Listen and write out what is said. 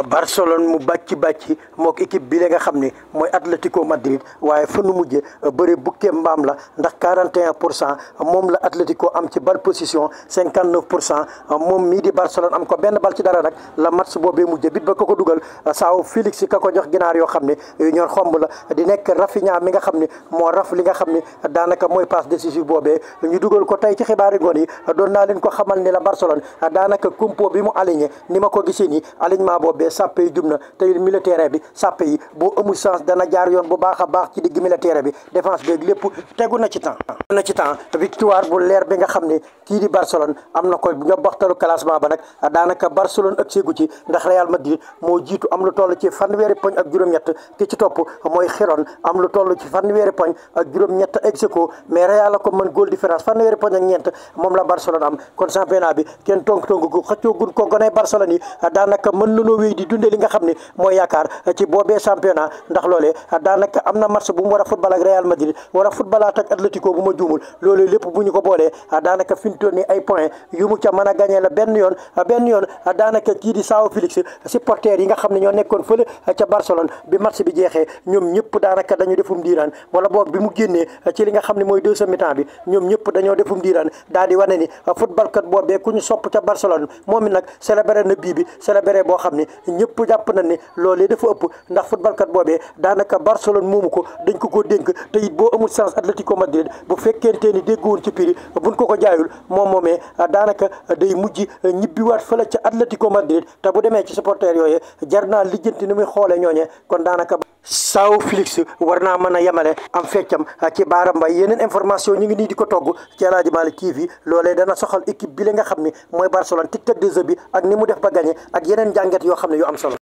Barcelone mu bàcci bàcci mook équipe bi la nga xam ni mooy Atlético Madrid waaye fa nu mujje bëri bukkee mbaam la ndax pour cent moom la Atlético am ci bal position 59 pour cent moom mii di Barcelone am ko benn bal ci dara nag la match boobee mujje bit ba ko ko dugal saaw Félix ka ko jox ginaar yoo xam ne yu ñor xomb la di nekk Rafinha mi nga xam ni moo raf li nga xam ni daanaka mooy passe décisive boobee ñu dugal ko tey ci xibaari ngoon yi doon naa leen ko xamal ni la ma ko gisee nii alignement boobee boobee sàppe yi jub na te militaire bi sàppe yi boo amul chance dana jaar yoon bu baax a baax ci digg militaire bi défense beeg lépp tegu na ci temps victoire bu leer bi nga xam ne kii di Barcelone am na ko nga baxtalu classement ba nag daanaka Barcelone ak séegu ci ndax Real Madrid moo jiitu am lu toll ci fanweeri poñ ak juróom-ñett ki ci topp mooy Girona am lu toll ci fanweeri poñ ak juróom-ñett ex mais Real la ko mën goal différence fanweeri poñ ak ñeent moom la Barcelone fii di dundee li nga xam ne mooy yaakaar ci boobee championnat ndax loolee daanaka am na match bu mu war a football ak Real Madrid war a football ak Atlético bu ma juumul loolu lépp bu ñu ko boolee daanaka fi mu toll nii ay point yu mu ca mën a gagné la benn yoon benn yoon daanaka kii di Sao Félix supporters yi nga xam ne ñoo nekkoon fële ca Barcelone bi match bi jeexee ñoom ñëpp daanaka dañu defum diiraan wala boog bi mu génnee ci li nga xam ne mooy deuxième mi bi ñoom ñëpp dañoo di wane ni football kat boobee ku ñu sopp ca Barcelone moom it nag célébré na bii bi boo xam ni ñëpp jàpp nañ ne loolee dafa ëpp ndax footballkat boobee daanaka Barcelone moomu ko dañ ko koo dénk te it boo amul chance Atlético Madrid bu fekkente ni woon ci prix buñ ko ko jaayul moom moomee daanaka day mujj ñibbiwaat fële ca Atlético Madrid te bu demee ci supporters yooyu jar naa lijjanti ni muy xoolee ñooñee kon daanaka Sao Félix war naa mën a yemale am feccam ah, ci Baara Mbaye yeneen information ñu ngi nii di ko togg ci El Hadji Malick TV loolee dana soxal équipe bi la nga xam ne mooy Barcelone tic tac de jeu bi ak ni mu def ba gagné ak yeneen jàngat yoo xam ne yoo am solo